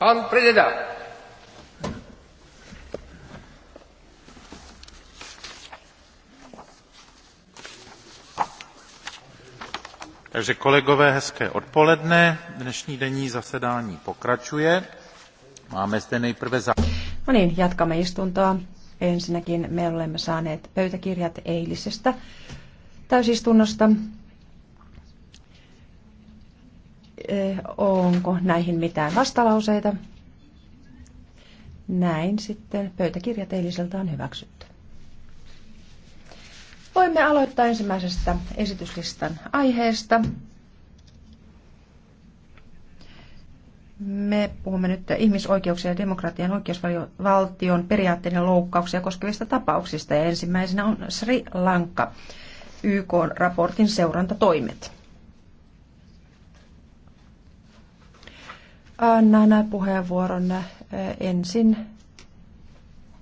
Pan predseda. Takže kolegové, hezké odpoledne. Dnešní denní zasedání pokračuje. Máme zde nejprve za... No niin, jatkamme istuntoa. Ensinnäkin me olemme saaneet pöytäkirjat eilisestä täysistunnosta. Onko näihin mitään vastalauseita? Näin sitten pöytäkirjat eiliseltä on hyväksytty. Voimme aloittaa ensimmäisestä esityslistan aiheesta. Me puhumme nyt ihmisoikeuksien ja demokratian oikeusvaltion periaatteiden loukkauksia koskevista tapauksista ja ensimmäisenä on Sri Lanka, YK-raportin seurantatoimet. Annan puheenvuoron eh, ensin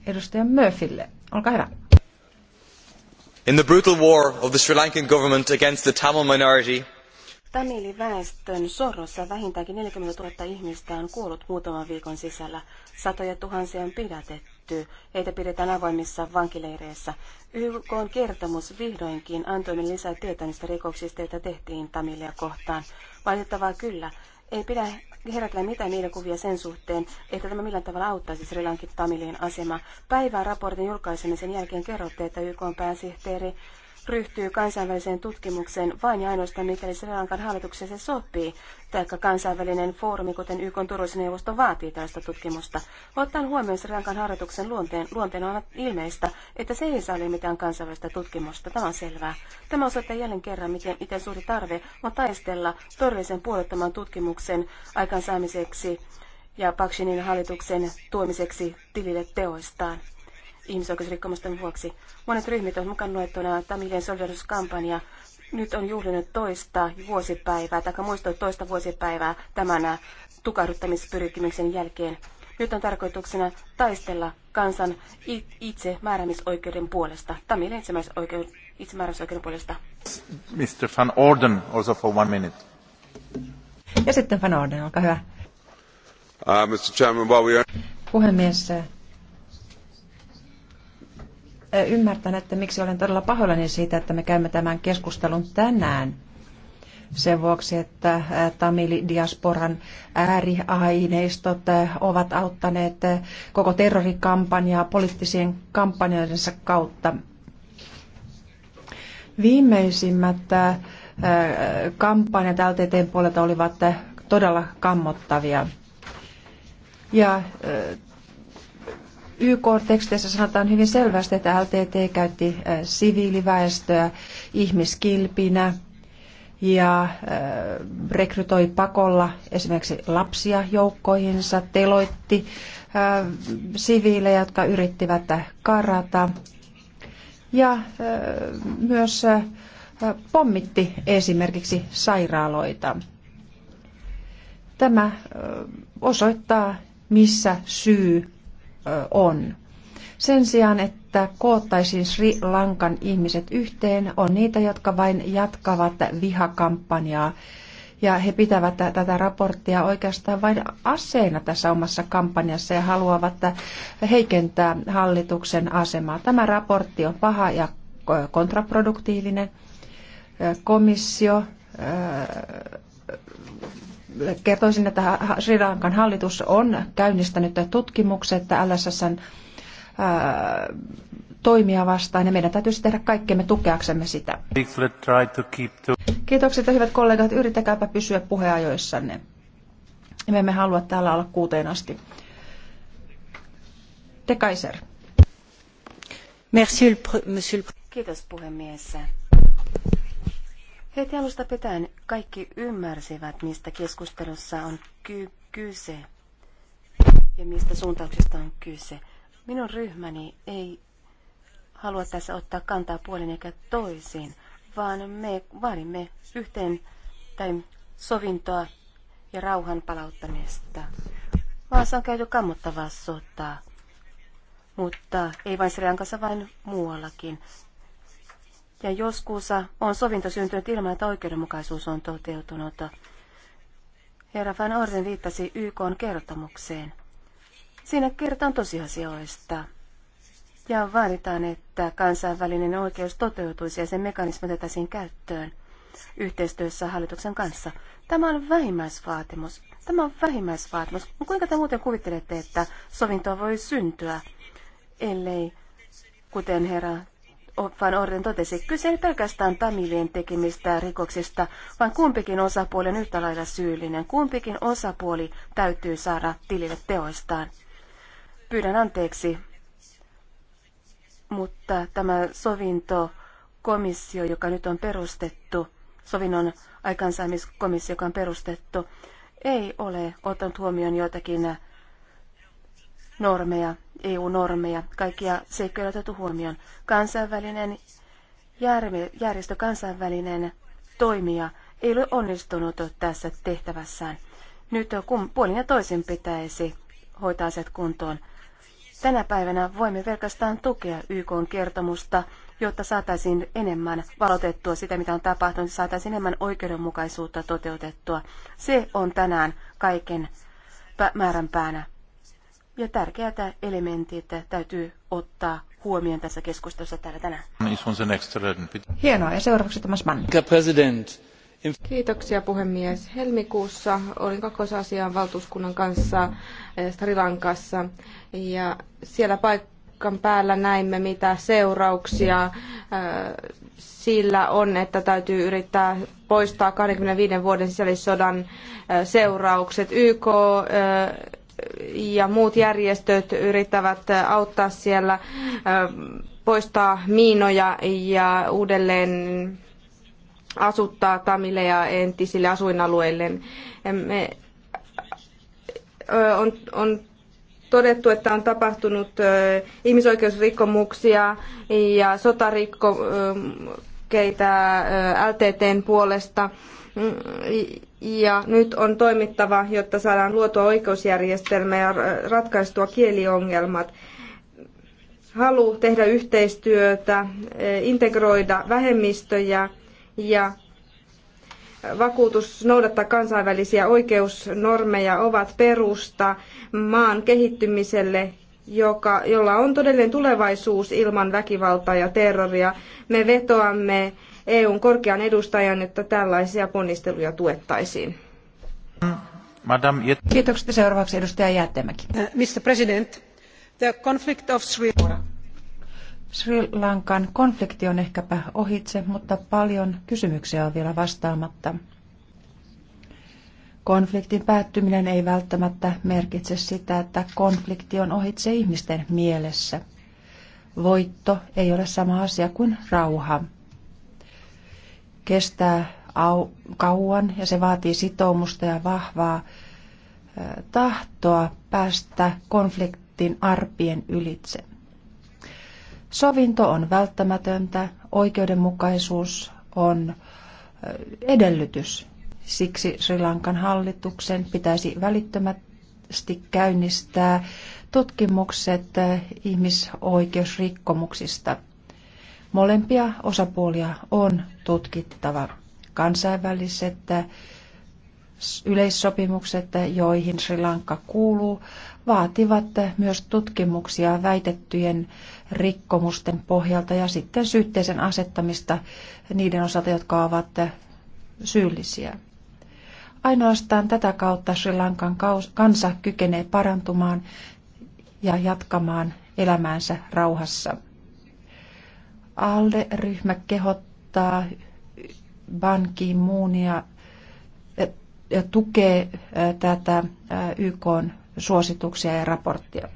edustaja Murphylle. Olkaa hyvä. In the brutal war of the Sri Lankan government against the Tamil minority, Tamiliväestön sorrossa vähintäänkin 40 000 ihmistä on kuollut muutaman viikon sisällä. Satoja tuhansia on pidätetty. Heitä pidetään avoimissa vankileireissä. YK on kertomus vihdoinkin antoi lisää tietoa niistä rikoksista, joita tehtiin Tamilia kohtaan. Valitettavaa kyllä, ei pidä herätellä mitään mielikuvia sen suhteen, että tämä millään tavalla auttaisi Sri Lankin Tamilien asema. Päivän raportin julkaisemisen jälkeen kerrotte, että YK pääsihteeri ryhtyy kansainväliseen tutkimukseen vain ja ainoastaan, mikäli Sri Lankan hallitukseen se sopii, tai kansainvälinen foorumi, kuten YK turvallisuusneuvosto, vaatii tällaista tutkimusta. Ottaen huomioon Sri Lankan hallituksen luonteen, luonteen on ilmeistä, että se ei saa mitään kansainvälistä tutkimusta. Tämä on selvää. Tämä osoittaa jälleen kerran, miten, miten suuri tarve on taistella todellisen puolettoman tutkimuksen aikaansaamiseksi ja Pakshinin hallituksen tuomiseksi tilille teoistaan ihmisoikeusrikkomusten vuoksi. Monet ryhmät ovat mukana luettuna Tamilien solidarisuuskampanja. Nyt on juhlinut toista vuosipäivää, tai muistoi toista vuosipäivää tämän tukahduttamispyrkimyksen jälkeen. Nyt on tarkoituksena taistella kansan itsemääräämisoikeuden puolesta, Tamilien itsemääräämisoikeuden, itsemääräämisoikeuden puolesta. Mr. Van Orden, also for one minute. Ja sitten Van Orden, olkaa hyvä. Uh, Mr. Chairman, while we are... Puhemies, Ymmärtän, että miksi olen todella pahoillani siitä, että me käymme tämän keskustelun tänään sen vuoksi, että Tamili-diasporan ääriaineistot ovat auttaneet koko terrorikampanjaa poliittisien kampanjoidensa kautta. Viimeisimmät kampanjat LTTn puolelta olivat todella kammottavia. Ja YK-teksteissä sanotaan hyvin selvästi, että LTT käytti äh, siviiliväestöä ihmiskilpinä ja äh, rekrytoi pakolla esimerkiksi lapsia joukkoihinsa, teloitti äh, siviilejä, jotka yrittivät karata ja myös pommitti esimerkiksi sairaaloita. Tämä osoittaa, missä syy on. Sen sijaan, että koottaisiin Sri Lankan ihmiset yhteen, on niitä, jotka vain jatkavat vihakampanjaa. Ja he pitävät tätä raporttia oikeastaan vain aseena tässä omassa kampanjassa ja haluavat heikentää hallituksen asemaa. Tämä raportti on paha ja kontraproduktiivinen. Komissio kertoisin, että Sri Lankan hallitus on käynnistänyt tutkimukset LSSn toimia vastaan ja meidän täytyisi tehdä kaikkemme tukeaksemme sitä. Kiitokset ja hyvät kollegat, yrittäkääpä pysyä puheajoissanne. Me emme halua täällä olla kuuteen asti. De Kaiser. Kiitos puhemies. Heti alusta pitäen kaikki ymmärsivät, mistä keskustelussa on ky- kyse ja mistä suuntauksesta on kyse. Minun ryhmäni ei halua tässä ottaa kantaa puolin eikä toisiin, vaan me vaadimme yhteen tai sovintoa ja rauhan palauttamista. Maassa on käyty kammottavaa sotaa, mutta ei vain Sri Lankassa, vaan muuallakin. Ja joskus on sovinto syntynyt ilman, että oikeudenmukaisuus on toteutunut. Herra Van Orden viittasi YK kertomukseen. Siinä kerrotaan tosiasioista. Ja vaaditaan, että kansainvälinen oikeus toteutuisi ja sen mekanismi otettaisiin käyttöön yhteistyössä hallituksen kanssa. Tämä on vähimmäisvaatimus. Tämä on vähimmäisvaatimus. No kuinka te muuten kuvittelette, että sovintoa voi syntyä, ellei, kuten herra Van Orden totesi, kyse ei pelkästään Tamilien tekemistä rikoksista, vaan kumpikin osapuoli on yhtä lailla syyllinen. Kumpikin osapuoli täytyy saada tilille teoistaan. Pyydän anteeksi, mutta tämä sovintokomissio, joka nyt on perustettu, sovinnon aikansaamiskomissio, joka on perustettu, ei ole ottanut huomioon joitakin normeja EU-normeja, kaikkia seikkoja on otettu huomioon. Kansainvälinen järjestö, kansainvälinen toimija ei ole onnistunut tässä tehtävässään. Nyt kun puolin ja toisin pitäisi hoitaa asiat kuntoon. Tänä päivänä voimme pelkästään tukea YK kertomusta, jotta saataisiin enemmän valotettua sitä, mitä on tapahtunut, saataisiin enemmän oikeudenmukaisuutta toteutettua. Se on tänään kaiken määränpäänä ja tärkeät elementit täytyy ottaa huomioon tässä keskustelussa täällä tänään. Hienoa ja seuraavaksi Thomas Mann. Kiitoksia puhemies. Helmikuussa olin kakkosasian valtuuskunnan kanssa eh, Sri Lankassa ja siellä paikan päällä näimme mitä seurauksia eh, sillä on, että täytyy yrittää poistaa 25 vuoden sisällissodan eh, seuraukset. YK ja muut järjestöt yrittävät auttaa siellä poistaa miinoja ja uudelleen asuttaa tamileja ja entisille asuinalueille. Me, on, on todettu, että on tapahtunut ihmisoikeusrikkomuksia ja sotarikkomuksia keitä LTTn puolesta Mm, ja nyt on toimittava, jotta saadaan luotua oikeusjärjestelmä ja ratkaistua kieliongelmat. Halu tehdä yhteistyötä, eh, integroida vähemmistöjä ja vakuutus noudattaa kansainvälisiä oikeusnormeja ovat perusta maan kehittymiselle joka, jolla on todellinen tulevaisuus ilman väkivaltaa ja terroria. Me vetoamme EUn korkean edustajan, että tällaisia ponnisteluja tuettaisiin. Madame Kiitokset seuraavaksi edustaja Jättemäki. Uh, Mr. President, the conflict of Sri Sri Lankan konflikti on ehkäpä ohitse, mutta paljon kysymyksiä on vielä vastaamatta. Konfliktin päättyminen ei välttämättä merkitse sitä, että konflikti on ohitse ihmisten mielessä. Voitto ei ole sama asia kuin rauha kestää kauan ja se vaatii sitoumusta ja vahvaa tahtoa päästä konfliktin arpien ylitse. Sovinto on välttämätöntä, oikeudenmukaisuus on edellytys. Siksi Sri Lankan hallituksen pitäisi välittömästi käynnistää tutkimukset ihmisoikeusrikkomuksista – Molempia osapuolia on tutkittava. Kansainväliset äh, yleissopimukset, äh, joihin Sri Lanka kuuluu, vaativat äh, myös tutkimuksia väitettyjen rikkomusten pohjalta ja sitten syytteisen asettamista niiden osalta, jotka ovat syyllisiä. Ainoastaan tätä kautta Sri Lankan kansa kykenee parantumaan ja jatkamaan elämäänsä rauhassa. ALDE-ryhmä kehottaa Ban Ki-moonia äh, ja tukee äh, tätä äh, YK suosituksia ja raporttia.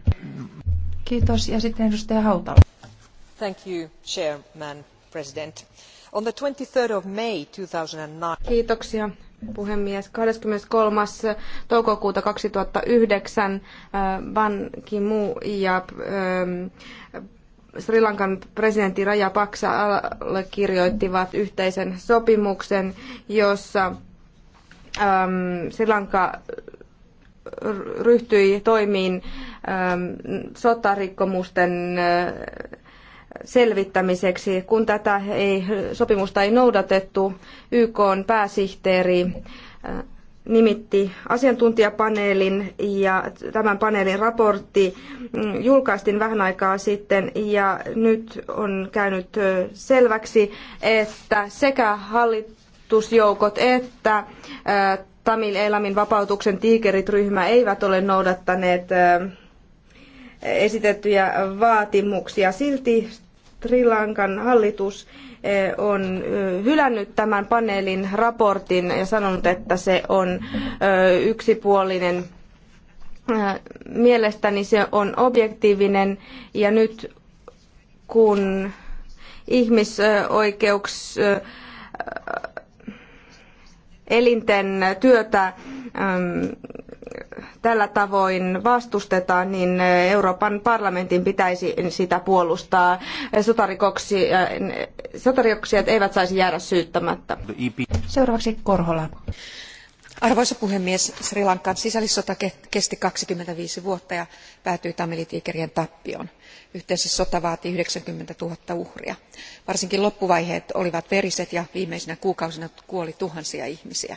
Kiitos. Ja sitten edustaja Hautala. Thank you, Chairman, President. On the 23rd of May 2009... Kiitoksia, puhemies. 23. toukokuuta 2009 Ban Ki-moon ja ähm, Sri Lankan presidentti Rajapaksa allekirjoittivat yhteisen sopimuksen, jossa äm, Sri Lanka ryhtyi toimiin äm, sotarikkomusten äh, selvittämiseksi. Kun tätä ei, sopimusta ei noudatettu, YK pääsihteeri äh, nimitti asiantuntijapaneelin ja tämän paneelin raportti mm, julkaistiin vähän aikaa sitten ja nyt on käynyt selväksi, että sekä hallitusjoukot että Tamil Elamin vapautuksen tiikerit-ryhmä eivät ole noudattaneet esitettyjä vaatimuksia. Silti Sri Lankan hallitus eh, on eh, hylännyt tämän paneelin raportin ja sanonut, että se on eh, yksipuolinen. Mielestäni se on objektiivinen ja nyt kun ihmisoikeuks elinten työtä ehm, tällä tavoin vastustetaan, niin Euroopan parlamentin pitäisi sitä puolustaa. Sotarikoksia, sotarikoksia eivät saisi jäädä syyttämättä. Seuraavaksi Korhola. Arvoisa puhemies, Sri Lankan sisällissota kesti 25 vuotta ja päätyi tamilitiikerien tappioon. Yhteensä sota vaati 90 000 uhria. Varsinkin loppuvaiheet olivat veriset ja viimeisinä kuukausina kuoli tuhansia ihmisiä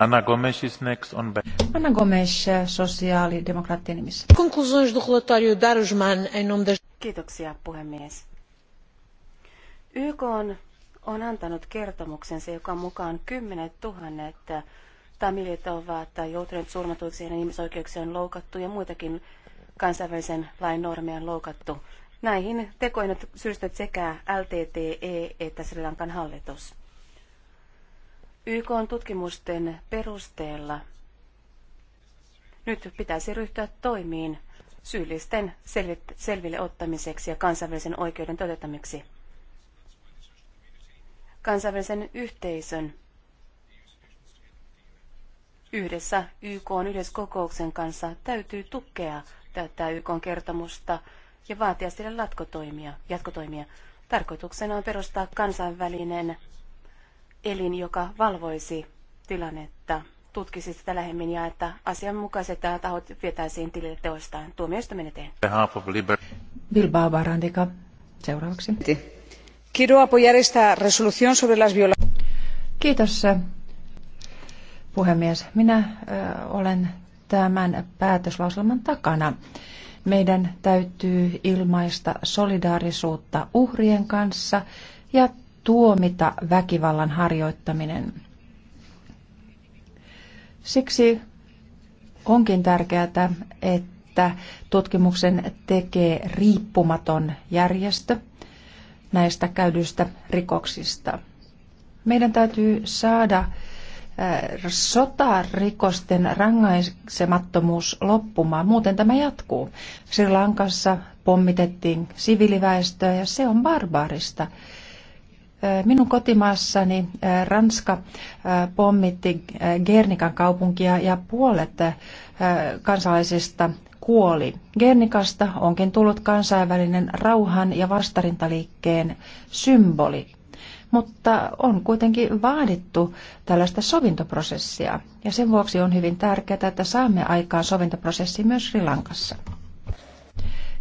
Anna Gomes is next on... Anna Gomes, sosiaalidemokraattien nimissä. Conclusões do relatório Darusman em nome das... Kiitoksia, puhemies. YK on, on antanut kertomuksensa, joka mukaan kymmenet tuhannet tamilit ovat joutuneet surmatuiksi, heidän ihmisoikeuksia on loukattu ja muitakin kansainvälisen lain normeja on loukattu. Näihin tekoihin on sekä LTTE että Sri Lankan hallitus. YK on tutkimusten perusteella nyt pitäisi ryhtyä toimiin syyllisten selville ottamiseksi ja kansainvälisen oikeuden toteuttamiseksi. Kansainvälisen yhteisön yhdessä YK on yleiskokouksen kanssa täytyy tukea tätä YK on kertomusta ja vaatia sille jatkotoimia. jatkotoimia. Tarkoituksena on perustaa kansainvälinen elin, joka valvoisi tilannetta, tutkisi sitä lähemmin ja että asianmukaiset tahot vietäisiin tilille teoistaan tuomioistuimen eteen. Bilbao Barandika, seuraavaksi. Quiero apoyar esta resolución sobre las Kiitos puhemies. Minä äh, olen tämän päätöslauselman takana. Meidän täytyy ilmaista solidaarisuutta uhrien kanssa ja tuomita väkivallan harjoittaminen. Siksi onkin tärkeää, että tutkimuksen tekee riippumaton järjestö näistä käydyistä rikoksista. Meidän täytyy saada eh, sotarikosten rangaisemattomuus loppumaan. Muuten tämä jatkuu. Sri Lankassa pommitettiin siviiliväestöä ja se on barbaarista. Minun kotimaassani Ranska pommitti Gernikan kaupunkia ja puolet kansalaisista kuoli. Gernikasta onkin tullut kansainvälinen rauhan ja vastarintaliikkeen symboli. Mutta on kuitenkin vaadittu tällaista sovintoprosessia ja sen vuoksi on hyvin tärkeää, että saamme aikaan sovintoprosessi myös Sri Lankassa.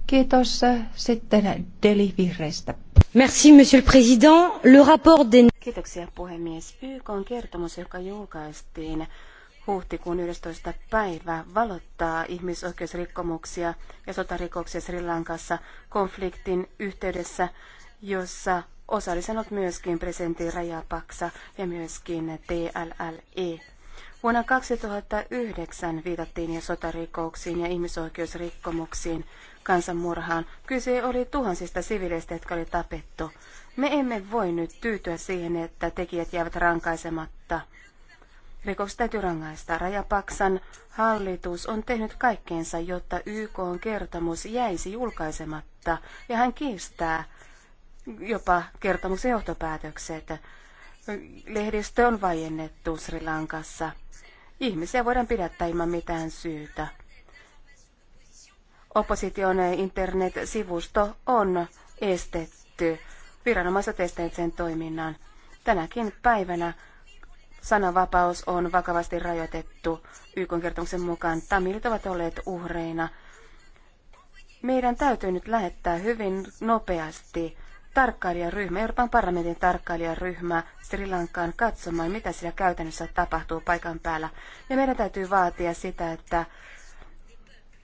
Kiitos sitten Deli monsieur le président. Le rapport de... Kiitoksia puhemies. YK on kertomus, joka julkaistiin huhtikuun 11. päivä valottaa ihmisoikeusrikkomuksia ja sotarikoksia Sri Lankassa konfliktin yhteydessä, jossa osallisenut myöskin presidentti Rajapaksa ja myöskin TLLE. Vuonna 2009 viitattiin jo sotarikouksiin ja ihmisoikeusrikkomuksiin kansanmurhaan. Kyse oli tuhansista sivileistä, jotka oli tapettu. Me emme voi nyt tyytyä siihen, että tekijät jäävät rankaisematta. Rikokset täytyy rangaista. Rajapaksan hallitus on tehnyt kaikkeensa, jotta YK on kertomus jäisi julkaisematta, ja hän kiistää jopa kertomuksen johtopäätökset. Lehdistö on vajennettu Sri Lankassa. Ihmisiä voidaan pidättää ilman mitään syytä opposition internet-sivusto on estetty. Viranomaiset esteet sen toiminnan. Tänäkin päivänä sananvapaus on vakavasti rajoitettu. YK kertomuksen mukaan tamilit ovat olleet uhreina. Meidän täytyy nyt lähettää hyvin nopeasti tarkkailijaryhmä, Euroopan parlamentin tarkkailijaryhmä Sri Lankaan katsomaan, mitä siellä käytännössä tapahtuu paikan päällä. Ja meidän täytyy vaatia sitä, että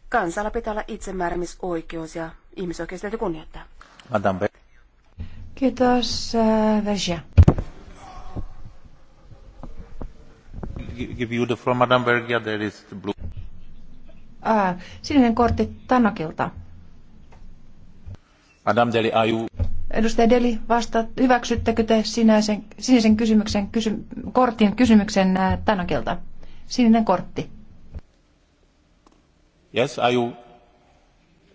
kansalla pitää olla itsemääräämisoikeus ja ihmisoikeus täytyy kunnioittaa. Madame. Kiitos, äh, Vergia. Give you the floor, Madame Bergia, there is the blue. Ah, sininen kortti Tanakilta. Madame Deli, are you... Edustaja Deli, vasta, hyväksyttekö te sinäisen, sinisen kysymyksen, kysy, kortin kysymyksen äh, Tanakilta? Sininen kortti. Yes, are you...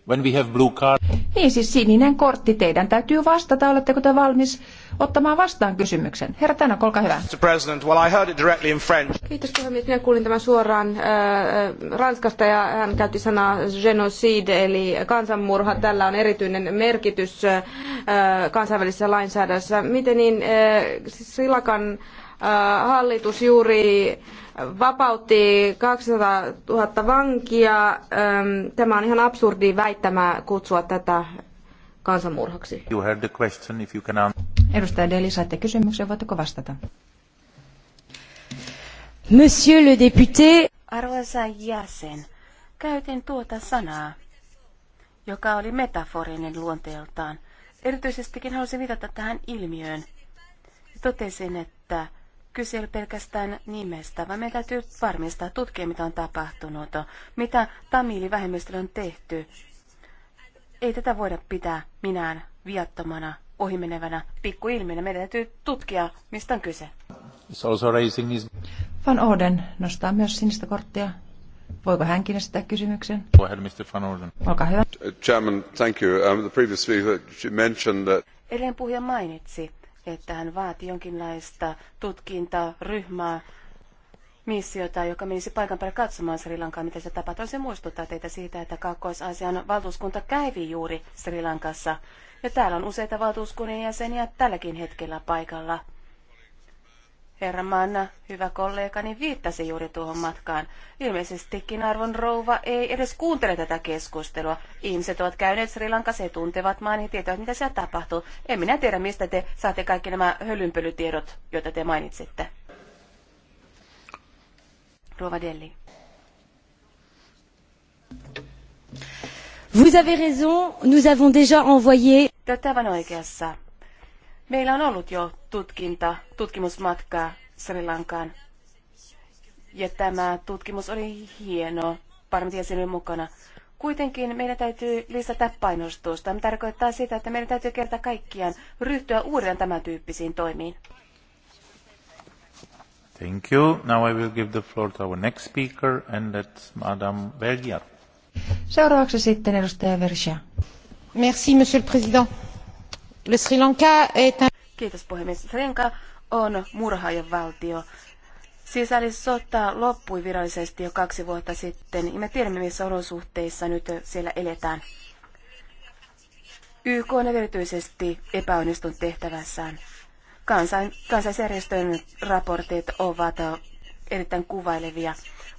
When we have blue card... Niin, siis sininen kortti. Teidän täytyy vastata. Oletteko te valmis ottamaan vastaan kysymyksen? Herra Tänä, olkaa hyvä. Mr. President, well, I heard it directly in French. Kiitos puhemies. Minä kuulin tämän suoraan äh, äh, Ranskasta ja hän käytti sanaa genocide eli kansanmurha. Tällä on erityinen merkitys äh, kansainvälisessä lainsäädännössä. Miten niin äh, Silakan siis Äh, hallitus juuri vapautti 200 000 vankia. Ähm, tämä on ihan absurdi väittämä kutsua tätä kansanmurhaksi. You heard the question, if you can Edustaja Deli, saitte kysymyksen, voitteko vastata? Monsieur le député. Arvoisa jäsen, käytin tuota sanaa, joka oli metaforinen luonteeltaan. Erityisestikin halusin viitata tähän ilmiöön. Totesin, että kyse ei ole pelkästään nimestä, vaan meidän täytyy varmistaa, tutkia mitä on tapahtunut, mitä tamiilivähemmistölle on tehty. Ei tätä voida pitää minään viattomana, ohimenevänä pikkuilmiönä. Meidän täytyy tutkia, mistä on kyse. Van Orden nostaa myös sinistä korttia. Voiko hänkin esittää kysymyksen? Go ahead, Mr. Van Orden. Olkaa hyvä. Uh, Chairman, thank you. Um, the previous speaker mentioned that... Edellinen puhuja mainitsi, että hän vaati jonkinlaista tutkintaa, ryhmää, missiota, joka menisi paikan päälle katsomaan Sri Lankaa, mitä se tapahtuu. Se muistuttaa teitä siitä, että Kaakkois-Aasian valtuuskunta kävi juuri Sri Lankassa. Ja täällä on useita valtuuskunnan jäseniä tälläkin hetkellä paikalla. Herra Manna, hyvä kollegani, viittasi juuri tuohon matkaan. Ilmeisestikin arvon rouva ei edes kuuntele tätä keskustelua. Ihmiset ovat käyneet Sri Lankassa, ja tuntevat maan, ja tietävät mitä siellä tapahtuu. En minä tiedä, mistä te saatte kaikki nämä hölynpölytiedot, joita te mainitsitte. Rouva Delli. Vous avez raison, nous avons déjà envoyé... Te olette aivan oikeassa. Meillä on ollut jo tutkinta, tutkimusmatkaa Sri Lankaan. Ja tämä tutkimus oli hieno, parmitiesinen mukana. Kuitenkin meidän täytyy lisätä painostusta. Tämä tarkoittaa sitä, että meidän täytyy kerta kaikkiaan ryhtyä uudelleen tämän tyyppisiin toimiin. Thank you. Now I will give the floor to our next speaker and that's Madame Vergia. Seuraavaksi sitten edustaja Vergia. Merci, Monsieur le Président Sri Lanka est... Kiitos puhemies. Sri Lanka on murhaajan valtio. Sisällissota loppui virallisesti jo kaksi vuotta sitten, ja me tiedämme, missä olosuhteissa nyt siellä eletään. YK on erityisesti epäonnistunut tehtävässään. Kansain, kansaisjärjestön raportit ovat erittäin kuvailevia.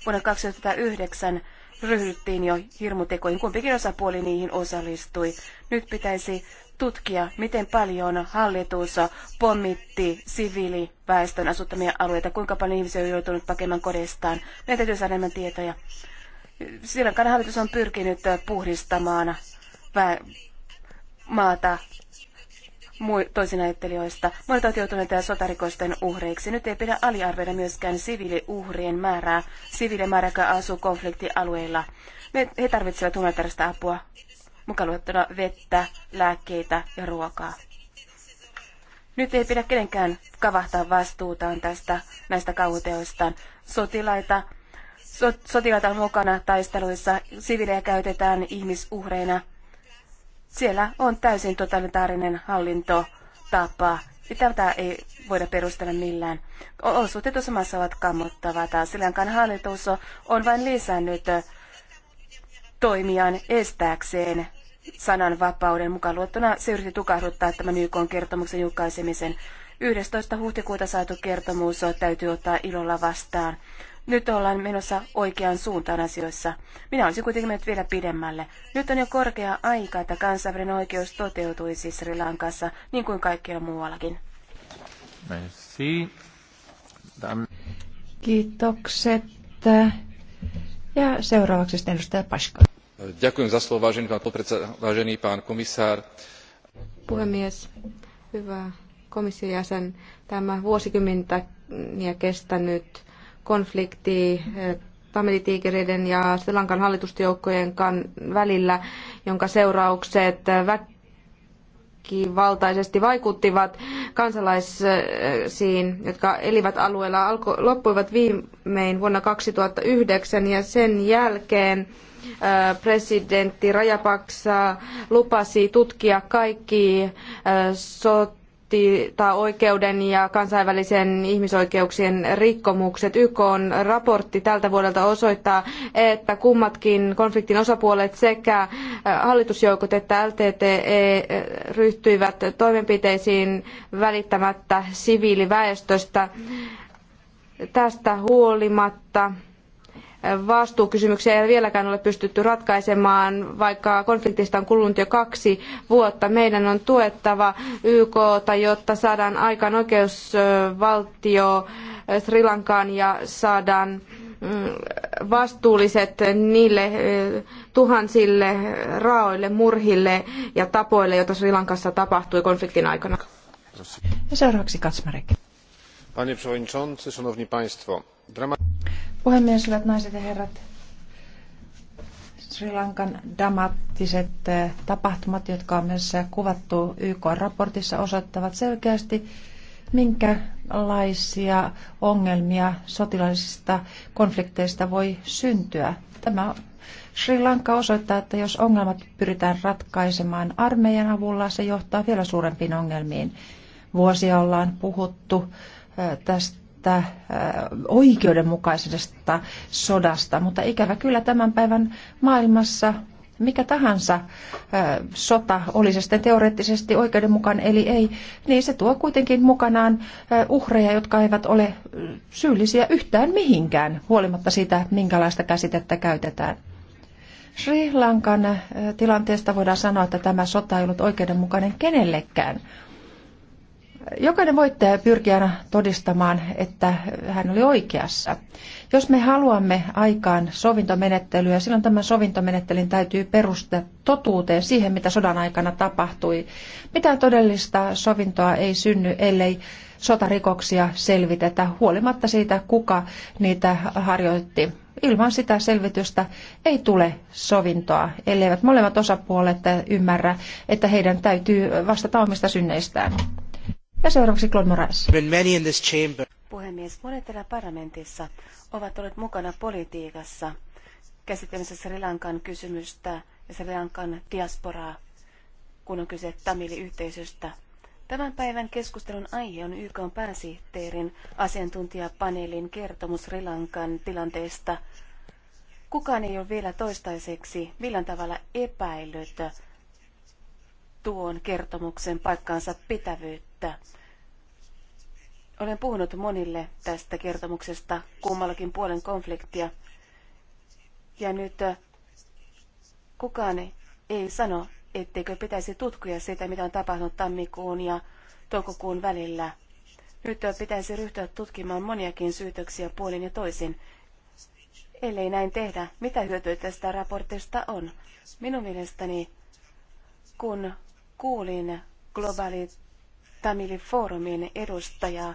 Vuonna 2009 ryhdyttiin jo hirmutekoihin. Kumpikin osapuoli niihin osallistui. Nyt pitäisi tutkia, miten paljon hallitus pommitti siviiliväestön asuttamia alueita, kuinka paljon ihmisiä on joutunut pakemaan kodestaan. Meidän täytyy saada enemmän tietoja. Sillankaan hallitus on pyrkinyt puhdistamaan maata toisinajattelijoista. Monet ovat joutuneet sotarikosten uhreiksi. Nyt ei pidä aliarvioida myöskään siviiliuhrien määrää, siviilimäärä, joka asuu konfliktialueilla. He tarvitsevat humanitaarista apua mukaan luettuna vettä, lääkkeitä ja ruokaa. Nyt ei pidä kenenkään kavahtaa vastuutaan tästä näistä kauhuteoistaan. Sotilaita, so, sotilaita on mukana taisteluissa, sivilejä käytetään ihmisuhreina. Siellä on täysin totalitaarinen ja Tätä ei voida perustella millään. Olosuhteet maassa ovat kammottavat. Sillankaan hallitus on vain lisännyt toimiaan estääkseen sananvapauden mukaan luottona. Se yritti tukahduttaa tämän YK kertomuksen julkaisemisen. 11. huhtikuuta saatu kertomus täytyy ottaa ilolla vastaan. Nyt ollaan menossa oikeaan suuntaan asioissa. Minä olisin kuitenkin mennyt vielä pidemmälle. Nyt on jo korkea aika, että kansainvälinen oikeus toteutuisi Sri Lankassa, niin kuin kaikkialla muuallakin. Merci. Kiitokset. Ja seuraavaksi edustaja Paska vážený pán komisár puhemies hyvä komission jäsen tämä vuosikymmeniä kestänyt konflikti eh, tamilitiikereiden ja sri lankan hallitusjoukkojen välillä jonka seuraukset eh, väkivaltaisesti vaikuttivat kansalaisiin jotka elivät alueella loppui loppuivat viimein vuonna kaksituhatta yhdeksän ja sen jälkeen presidentti Rajapaksa lupasi tutkia kaikki sotilta oikeuden ja kansainvälisen ihmisoikeuksien rikkomukset. YK on raportti tältä vuodelta osoittaa, että kummatkin konfliktin osapuolet sekä hallitusjoukot että LTTE ryhtyivät toimenpiteisiin välittämättä siviiliväestöstä. Tästä huolimatta vastuukysymyksiä ei vieläkään ole pystytty ratkaisemaan, vaikka konfliktista on kulunut jo kaksi vuotta. Meidän on tuettava YKta, jotta saadaan aikaan oikeusvaltio Sri Lankaan ja saadaan mm, vastuulliset niille eh, tuhansille raoille murhille ja tapoille, joita Sri Lankassa tapahtui konfliktin aikana. Ja seuraavaksi Katsmarek. Panie przewodniczący, szanowni państwo. Dramat... Puhemies, hyvät naiset ja herrat. Sri Lankan damaattiset eh, tapahtumat, jotka on myös kuvattu YK-raportissa, osoittavat selkeästi, minkälaisia ongelmia sotilaisista konflikteista voi syntyä. Tämä Sri Lanka osoittaa, että jos ongelmat pyritään ratkaisemaan armeijan avulla, se johtaa vielä suurempiin ongelmiin. Vuosia ollaan puhuttu eh, tästä oikeudenmukaisesta sodasta, mutta ikävä kyllä tämän päivän maailmassa mikä tahansa sota, oli se sitten teoreettisesti oikeudenmukainen eli ei, niin se tuo kuitenkin mukanaan uhreja, jotka eivät ole syyllisiä yhtään mihinkään, huolimatta siitä, minkälaista käsitettä käytetään. Sri Lankan tilanteesta voidaan sanoa, että tämä sota ei ollut oikeudenmukainen kenellekään. Jokainen voittaja pyrkii aina todistamaan, että hän oli oikeassa. Jos me haluamme aikaan sovintomenettelyä, silloin tämän sovintomenettelyn täytyy perustaa totuuteen siihen, mitä sodan aikana tapahtui. Mitään todellista sovintoa ei synny, ellei sotarikoksia selvitetä, huolimatta siitä, kuka niitä harjoitti. Ilman sitä selvitystä ei tule sovintoa, elleivät molemmat osapuolet ymmärrä, että heidän täytyy vastata omista synneistään. Ja seuraavaksi Claude Moraes. Puhemies, monet täällä parlamentissa ovat olleet mukana politiikassa käsittelemässä Sri Lankan kysymystä ja Sri Lankan diasporaa, kun on kyse tamiliyhteisöstä. Tämän päivän keskustelun aihe on YK pääsihteerin asiantuntijapaneelin kertomus Sri Lankan tilanteesta. Kukaan ei ole vielä toistaiseksi millään tavalla epäillyt tuon kertomuksen paikkaansa pitävyyttä. Olen puhunut monille tästä kertomuksesta kummallakin puolen konfliktia. Ja nyt äh, kukaan ei sano, etteikö pitäisi tutkia sitä, mitä on tapahtunut tammikuun ja toukokuun välillä. Nyt äh, pitäisi ryhtyä tutkimaan moniakin syytöksiä puolin ja toisin. Ellei näin tehdä, mitä hyötyä tästä raportista on? Minun mielestäni, kun kuulin globaali Tamilifoorumin edustajaa.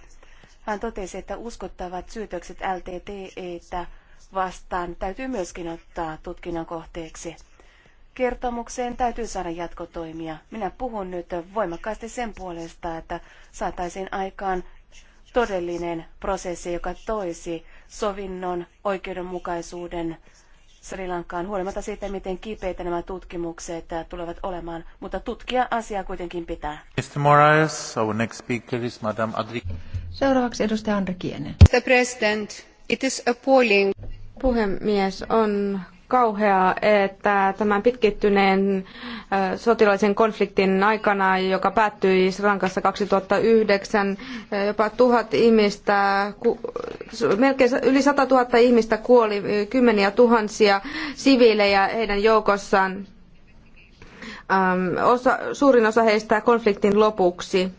Hän totesi, että uskottavat syytökset LTTEtä vastaan täytyy myöskin ottaa tutkinnan kohteeksi. Kertomukseen täytyy saada jatkotoimia. Minä puhun nyt voimakkaasti sen puolesta, että saataisiin aikaan todellinen prosessi, joka toisi sovinnon, oikeudenmukaisuuden Sri Lankaan, huolimatta siitä, miten kipeitä nämä tutkimukset äh, tulevat olemaan, mutta tutkia asiaa kuitenkin pitää. Mr. Morales, our next speaker is Madame Adri. Seuraavaksi edustaja Andri Kiene. Mr. President, it is appalling. Puhemies, on kauheaa, että tämän pitkittyneen sotilaisen konfliktin aikana, joka päättyi Sri Lankassa 2009, jopa tuhat ihmistä, melkein yli 100 000 ihmistä kuoli, kymmeniä tuhansia siviilejä heidän joukossaan. Osa, suurin osa heistä konfliktin lopuksi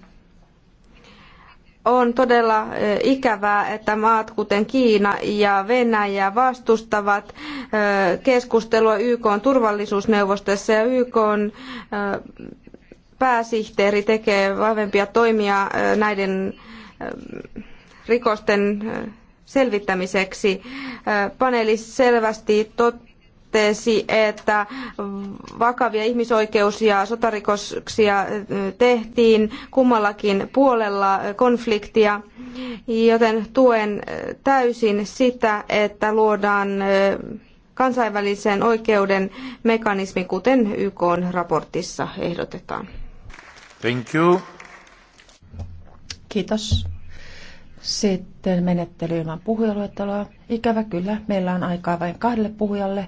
on todella e, ikävää, että maat kuten Kiina ja Venäjä vastustavat e, keskustelua YK turvallisuusneuvostossa ja YK e, pääsihteeri tekee vahvempia toimia näiden rikosten selvittämiseksi. Paneeli selvästi tot, totesi, että vakavia ihmisoikeus- ja sotarikoksia tehtiin kummallakin puolella konfliktia, joten tuen täysin sitä, että luodaan kansainvälisen oikeuden mekanismi, kuten YK raportissa ehdotetaan. Thank you. Kiitos. Sitten menettely ilman puhujaluetteloa. Ikävä kyllä, meillä on aikaa vain kahdelle puhujalle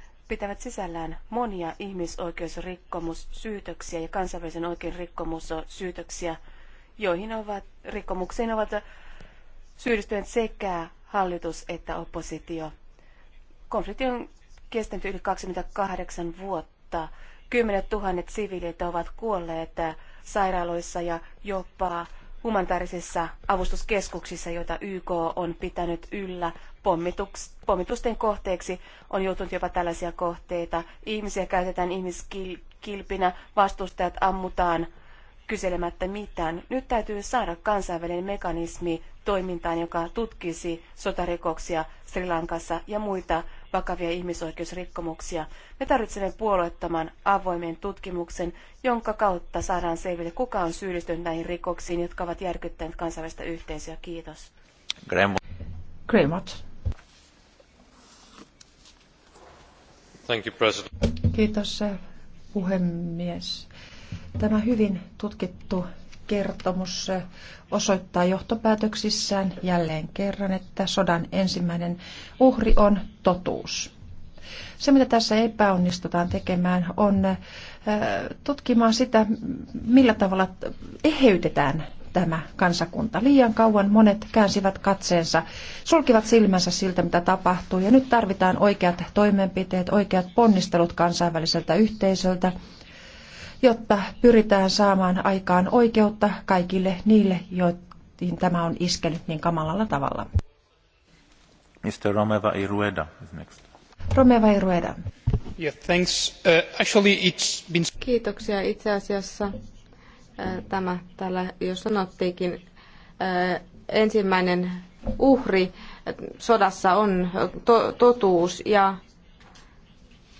pitävät sisällään monia ihmisoikeusrikkomussyytöksiä ja kansainvälisen oikeuden rikkomussyytöksiä, joihin ovat, rikkomuksiin ovat syyllistyneet sekä hallitus että oppositio. Konflikti on kestänyt yli 28 vuotta. Kymmenet tuhannet siviilit ovat kuolleet sairaaloissa ja jopa humanitaarisissa avustuskeskuksissa, joita YK on pitänyt yllä pommitusten kohteeksi, on joutunut jopa tällaisia kohteita. Ihmisiä käytetään ihmiskilpinä, vastustajat ammutaan kyselemättä mitään. Nyt täytyy saada kansainvälinen mekanismi toimintaan, joka tutkisi sotarikoksia Sri Lankassa ja muita vakavia ihmisoikeusrikkomuksia. Me tarvitsemme puolueettoman avoimen tutkimuksen, jonka kautta saadaan selville, kuka on syyllistynyt näihin rikoksiin, jotka ovat järkyttäneet kansainvälistä yhteisöä. Kiitos. Gremot. Thank you, President. Kiitos, eh, puhemies. Tämä hyvin tutkittu kertomus osoittaa johtopäätöksissään jälleen kerran, että sodan ensimmäinen uhri on totuus. Se, mitä tässä epäonnistutaan tekemään, on äh, tutkimaan sitä, millä tavalla eheytetään tämä kansakunta. Liian kauan monet käänsivät katseensa, sulkivat silmänsä siltä, mitä tapahtuu, ja nyt tarvitaan oikeat toimenpiteet, oikeat ponnistelut kansainväliseltä yhteisöltä, jotta pyritään saamaan aikaan oikeutta kaikille niille, joihin tämä on iskenyt niin kamalalla tavalla. Mr. Romeva Irueda is next. Romeva Irueda. Yeah, thanks. Uh, actually it's been... Kiitoksia itse asiassa. Uh, tämä täällä jo sanottiinkin. Uh, ensimmäinen uhri uh, sodassa on uh, to- totuus ja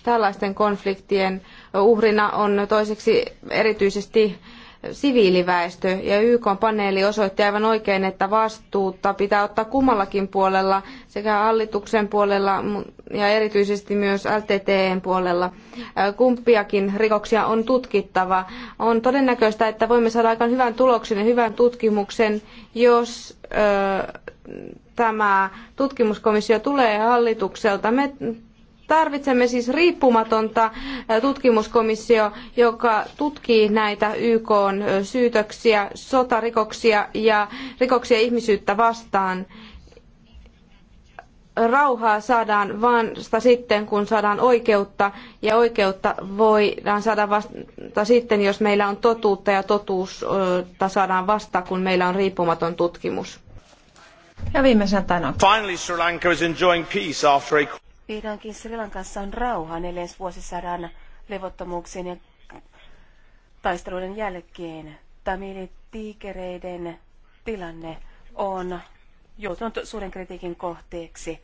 Tällaisten konfliktien uhrina on toiseksi erityisesti siviiliväestö ja YK paneeli osoitti aivan oikein, että vastuuta pitää ottaa kummallakin puolella sekä hallituksen puolella ja erityisesti myös LTTEn puolella. Kumpiakin rikoksia on tutkittava. On todennäköistä, että voimme saada aikaan hyvän tuloksen ja hyvän tutkimuksen, jos ö, tämä tutkimuskomissio tulee hallitukselta. Me Tarvitsemme siis riippumatonta tutkimuskomissio, joka tutkii näitä YK syytöksiä, sotarikoksia ja rikoksia ihmisyyttä vastaan rauhaa saadaan vasta sitten, kun saadaan oikeutta, ja oikeutta voidaan saada vasta sitten, jos meillä on totuutta, ja totuutta saadaan vasta, kun meillä on riippumaton tutkimus. Ja viimeisenä Finally Sri Lanka is enjoying peace after a... Vihdoinkin Sri Lankassa on rauha neljäs vuosisadan levottomuuksien ja taisteluiden jälkeen. Tamilitiikereiden tilanne on joutunut suuren kritiikin kohteeksi.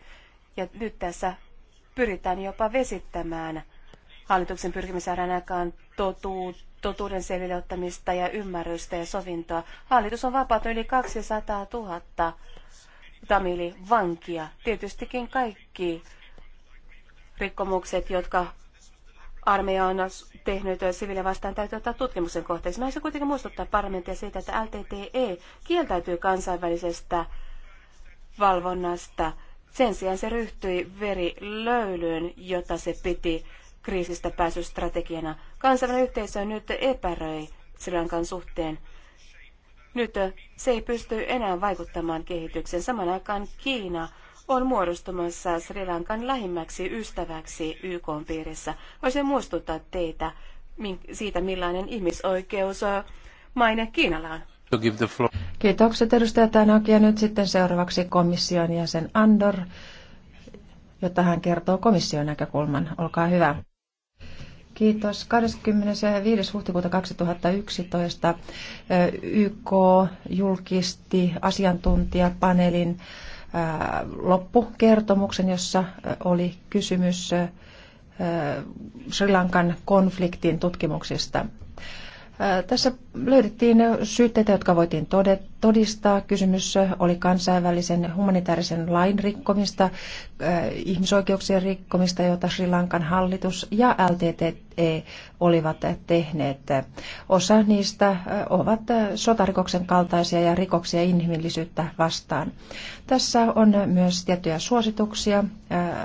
Ja nyt tässä pyritään jopa vesittämään hallituksen pyrkimisen saada aikaan totuuden selville ottamista ja ymmärrystä ja sovintoa. Hallitus on vapautunut yli 200 000 tamili vankia. Tietystikin kaikki rikkomukset, jotka armeija on tehnyt siviiliä vastaan, täytyy ottaa tutkimuksen kohteeksi. Mä haluaisin kuitenkin muistuttaa parlamenttia siitä, että LTTE kieltäytyy kansainvälisestä valvonnasta. Sen sijaan se ryhtyi verilöylyyn, jota se piti kriisistä pääsystrategiana. Kansainvälinen yhteisö nyt epäröi Sri suhteen. Nyt se ei pysty enää vaikuttamaan kehitykseen. Saman aikaan Kiina on muodostumassa Sri Lankan lähimmäksi ystäväksi YK piirissä. Voisin muistuttaa teitä siitä, millainen ihmisoikeus maine Kiinalla on. Kiitokset edustaja Tanak ja nyt sitten seuraavaksi komission jäsen Andor, jotta hän kertoo komission näkökulman. Olkaa hyvä. Kiitos. 25. huhtikuuta 2011 YK julkisti asiantuntijapaneelin loppukertomuksen, jossa oli kysymys Sri Lankan konfliktin tutkimuksesta. Tässä löydettiin syytteitä, jotka voitiin todistaa. Kysymys oli kansainvälisen humanitaarisen lain rikkomista, ihmisoikeuksien rikkomista, joita Sri Lankan hallitus ja LTTE olivat tehneet. Osa niistä ovat sotarikoksen kaltaisia ja rikoksia inhimillisyyttä vastaan. Tässä on myös tiettyjä suosituksia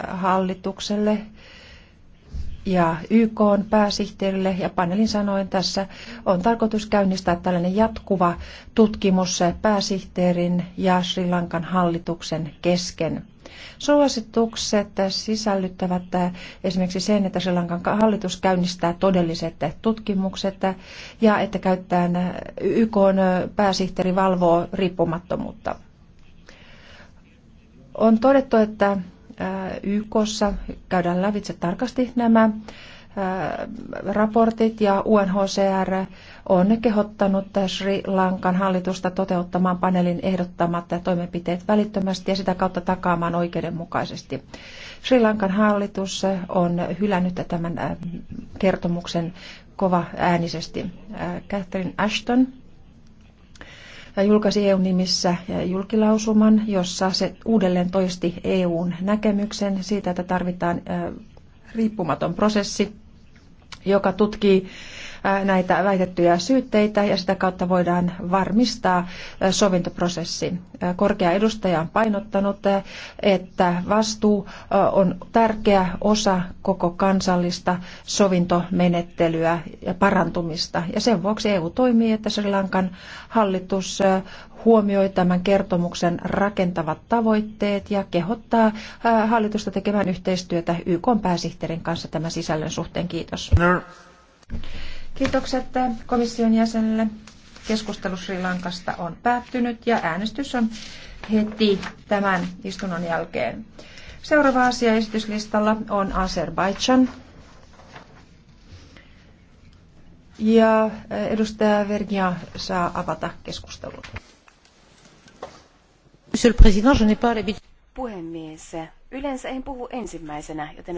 hallitukselle ja YK on pääsihteerille ja panelin sanoin tässä on tarkoitus käynnistää tällainen jatkuva tutkimus pääsihteerin ja Sri Lankan hallituksen kesken. Suositukset sisällyttävät esimerkiksi sen, että Sri Lankan hallitus käynnistää todelliset tutkimukset ja että käyttää YK pääsihteeri valvoo riippumattomuutta. On todettu, että YKssa käydään lävitse tarkasti nämä raportit ja UNHCR on kehottanut Sri Lankan hallitusta toteuttamaan paneelin ehdottamat toimenpiteet välittömästi ja sitä kautta takaamaan oikeudenmukaisesti. Sri Lankan hallitus on hylännyt tämän kertomuksen kova äänisesti. Catherine Ashton julkaisi EUn nimissä äh, julkilausuman, jossa se uudelleen toisti EUn näkemyksen siitä, että tarvitaan äh, riippumaton prosessi, joka tutkii näitä väitettyjä syytteitä ja sitä kautta voidaan varmistaa sovintoprosessi. Korkea edustaja on painottanut, että vastuu on tärkeä osa koko kansallista sovintomenettelyä ja parantumista. Ja sen vuoksi EU toimii, että Sri Lankan hallitus huomioi tämän kertomuksen rakentavat tavoitteet ja kehottaa hallitusta tekemään yhteistyötä YK pääsihteerin kanssa tämän sisällön suhteen. Kiitos. No. Kiitokset äh, komission jäsenelle. Keskustelu Sri Lankasta on päättynyt ja äänestys on heti tämän istunnon jälkeen. Seuraava asia esityslistalla on Azerbaidžan. Ja äh, edustaja Vergia saa avata keskustelun. puhemies. Yleensä en puhu ensimmäisenä, joten